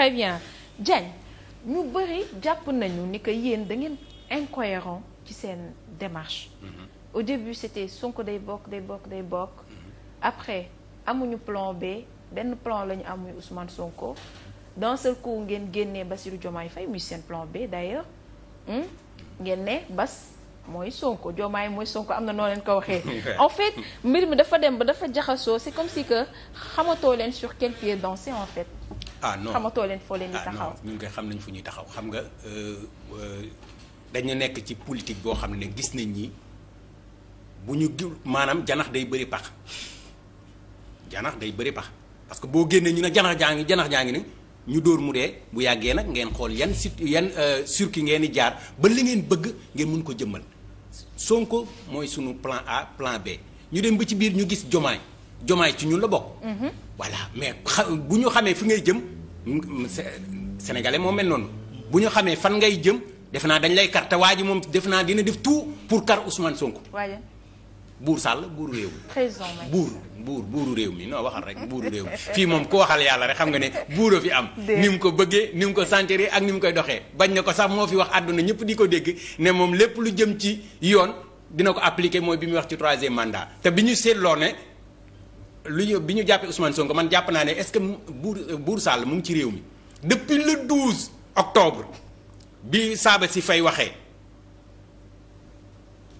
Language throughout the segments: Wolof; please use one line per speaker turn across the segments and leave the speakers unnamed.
très bien Diagne ñu bëri jàpp nañu ni que yéen da ngeen incohérent ci seen démarche. Mm-hmm. au début c'était Sonko day bokk day bokk day bokk. Mm-hmm. après amuñu plan B benn plan lañu ñu am muy Ousmane Sonko d'un seul ngeen génnee Bassirou Diomaye Faye muy seen plan B d'ailleurs hmm? ngeen mooy Sonko Diomaye mooy Sonko am na noo leen ko waxee. en fait mbir mi dafa dem ba dafa jaxasoo c'est comme si que xamatoo leen sur quel pied danser en fait. ah non xamatoo
leen foo leen di ah, taxaw
ñun koy xam nañ fu ñuy taxaw xam nga euh, euh, dañu nekk ci politique boo xam ne gis nañ ni bu ñu gi maanaam janax day bëri pax janax day bëri pax parce que boo génnee ñu ne janax jaa ngi janax jaa ngi ne ñu dóor mu dee bu yàggee nag ngeen xool yan sit yan euh, circuit ngeen di jaar ba li ngeen bëgg ngeen mun ko jëmmal Sonko mooy sunu plan A plan B ñu dem ba ci biir ñu gis Jomaay jomaay ci ñun la bokk. Mhm. voilà mais bu ñu xamee fi ngay jëm sénégalais moo mel noonu. bu ñu xamee fan ngay jëm def naa dañ lay carte waa ji moom def naa dina def tout pour kar Ousmane Sonko. buur sàll buuru réew
mi buur
buur buuru réew mi non waxal rek buuru réew mi fii moom ku waxal yàlla rek xam nga ne buuro fi am ni ko bëggee ni mu ko sentir ak ni mu koy doxee bañ na ko sax moo fi wax àdduna ñëpp di ko dégg ne moom lépp lu jëm ci yoon dina ko appliquer mooy bi muy wax ci troisième mandat te lu ñu bi ñu jàppee Ousmane Sonko man jàpp naa ne est buur que Bour Sall mu ngi ci réew mi depuis le 12 octobre bi saaba si fay waxee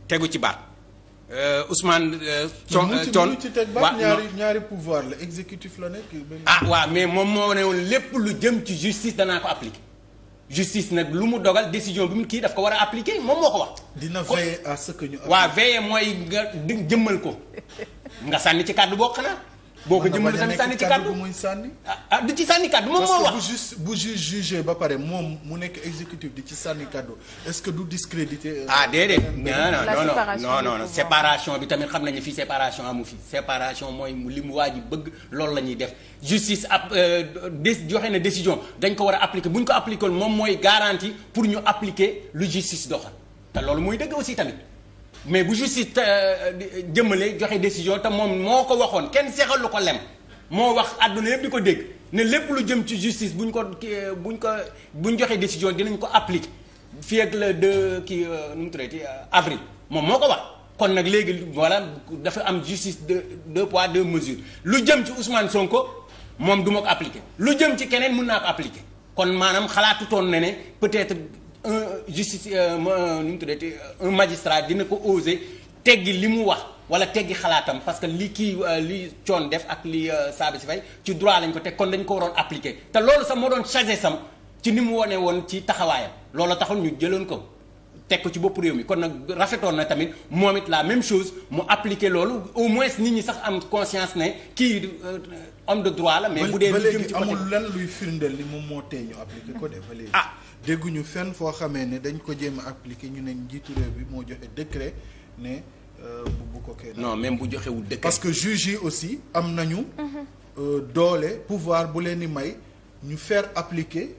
tegu ci baat euh, Ousmane. con euh, con waaw ñaari
ñaari pouvoir la exécutif la nekk. ah
waaw mais moom moo ne woon lépp lu jëm ci justice danaa ko appliquer. justice nag lu mu dogal décision bi mu kii daf ko war a appliquer moom moo ko wax. dina veiller à ce que ñu. waaw mooy nga jëmmal ko. nga sànni ci kàddu boo xanaa. boo ko jëmale tamit sànni ci kàddu
muy sànni. ah, ah di ci sànni kàddu moom moo wax. parce que bu ju jugee ba pare moom mu nekk exécutif di ci sànni kàddu est-ce que du discréditer.
Euh, ah déedéet non non non non non séparation bi tamit xam nañu fii séparation amu fi séparation mooy li mu waa ji bëgg loolu la ñuy def justice ab euh, de joxe na décision dañ ko war a appliquer bu ñu ko appliquer moom mooy garantie pour ñu appliquer lu justice doxal te loolu muy dëgg tamit. mais bu justice euh, jëmale joxe décision te moom moo ko waxoon kenn seexal lu ko lem moo wax àdduna yëpp di ko dégg ne lépp lu jëm ci justice buñ ko euh, buñ ko buñ joxe décision dinañ ko applique fii ak le deux kii euh, nu mu tuddati avril moom moo ko wax. kon nag léegi voilà dafa am justice de deux poids deux mesures lu jëm ci Ousmane Sonko moom du ma ko appliquer lu jëm ci keneen mun naa ko appliquer kon maanaam xalaatutoon na ne peut-être. justice euh, ma nu mu tuddati euh, un magistrat dina ko oser teggi li mu wax wala teggi xalaatam parce que li kii euh, li coon def ak li saabi si fay ci droit lañ ko teg kon dañ ko waroon appliquer te loolu sax moo doon chage sam ci ni mu wone woon ci taxawaayam loolu taxul ñu jëloon ko teg ko ci bopp réew mi kon nag rafetoon na tamit moom it la même chose mu appliqué loolu au moins nit ñi sax am conscience ne kii euh, homme de droit la. mais bu dee lu ci
lan luy firndeel ni moom moo tee ñu appliqué ko de ba léegi. Ah. dégguñu fenn foo xamee ne dañ ko jéem a appliqué ñu ne njiitu réew bi moo joxe décret ne euh, bu bu ko non même
bu joxewul décret. parce que
juges aussi am nañu. Mm-hmm. Euh, doole pouvoir bu leen di may ñu fair appliquer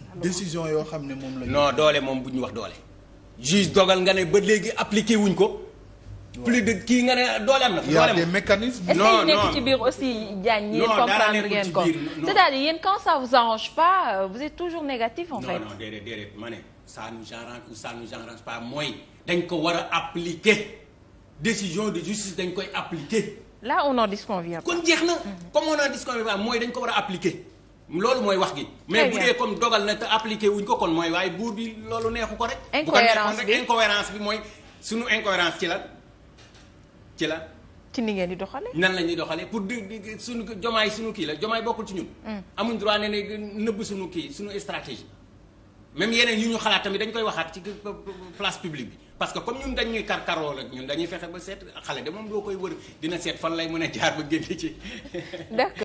ah décision yoo xam ne moom la. noo
doole moom bu ñu wax doole. juge dogal nga ne ba léegi appliqué wuñ ko. plus de kii nga ne doole na. doole am na y' a des mécanismes. non non est-ce que nekk ci aussi Diagne yéen comprendre ko à dire yéen quand ça euh, négatif en non, fait. non ma ne ça nous arrange ou ça nous arrange pas mooy. dañ ko war a appliquer décision de justice dañ koy appliquer. là on n'en disconvient kon jeex na. Mm. comme on n'en disconvient pas mooy dañ ko war a appliquer. loolu mooy wax gi. mais bu dee comme dogal na te appliqué wuñ ko kon mooy waaye buur bi loolu neexu ko rek. incohérence bi incohérence bi mooy sunu incohérence ci la ci la. ci ni ngeen di doxalee. nan la ñuy doxalee pour di di sunu jomaay sunu kii la jomaay bokkul ci ñun. Hmm. amuñ droit ne ne nëbb sunu kii sunu stratégie. même yeneen yu ñu xalaat tamit dañ koy waxaat ci place publique bi parce que comme ñun dañ ñuy karkaroo la ñun dañuy fexe ba seet xale de moom doo koy wër dina seet fan lay mën a jaar ba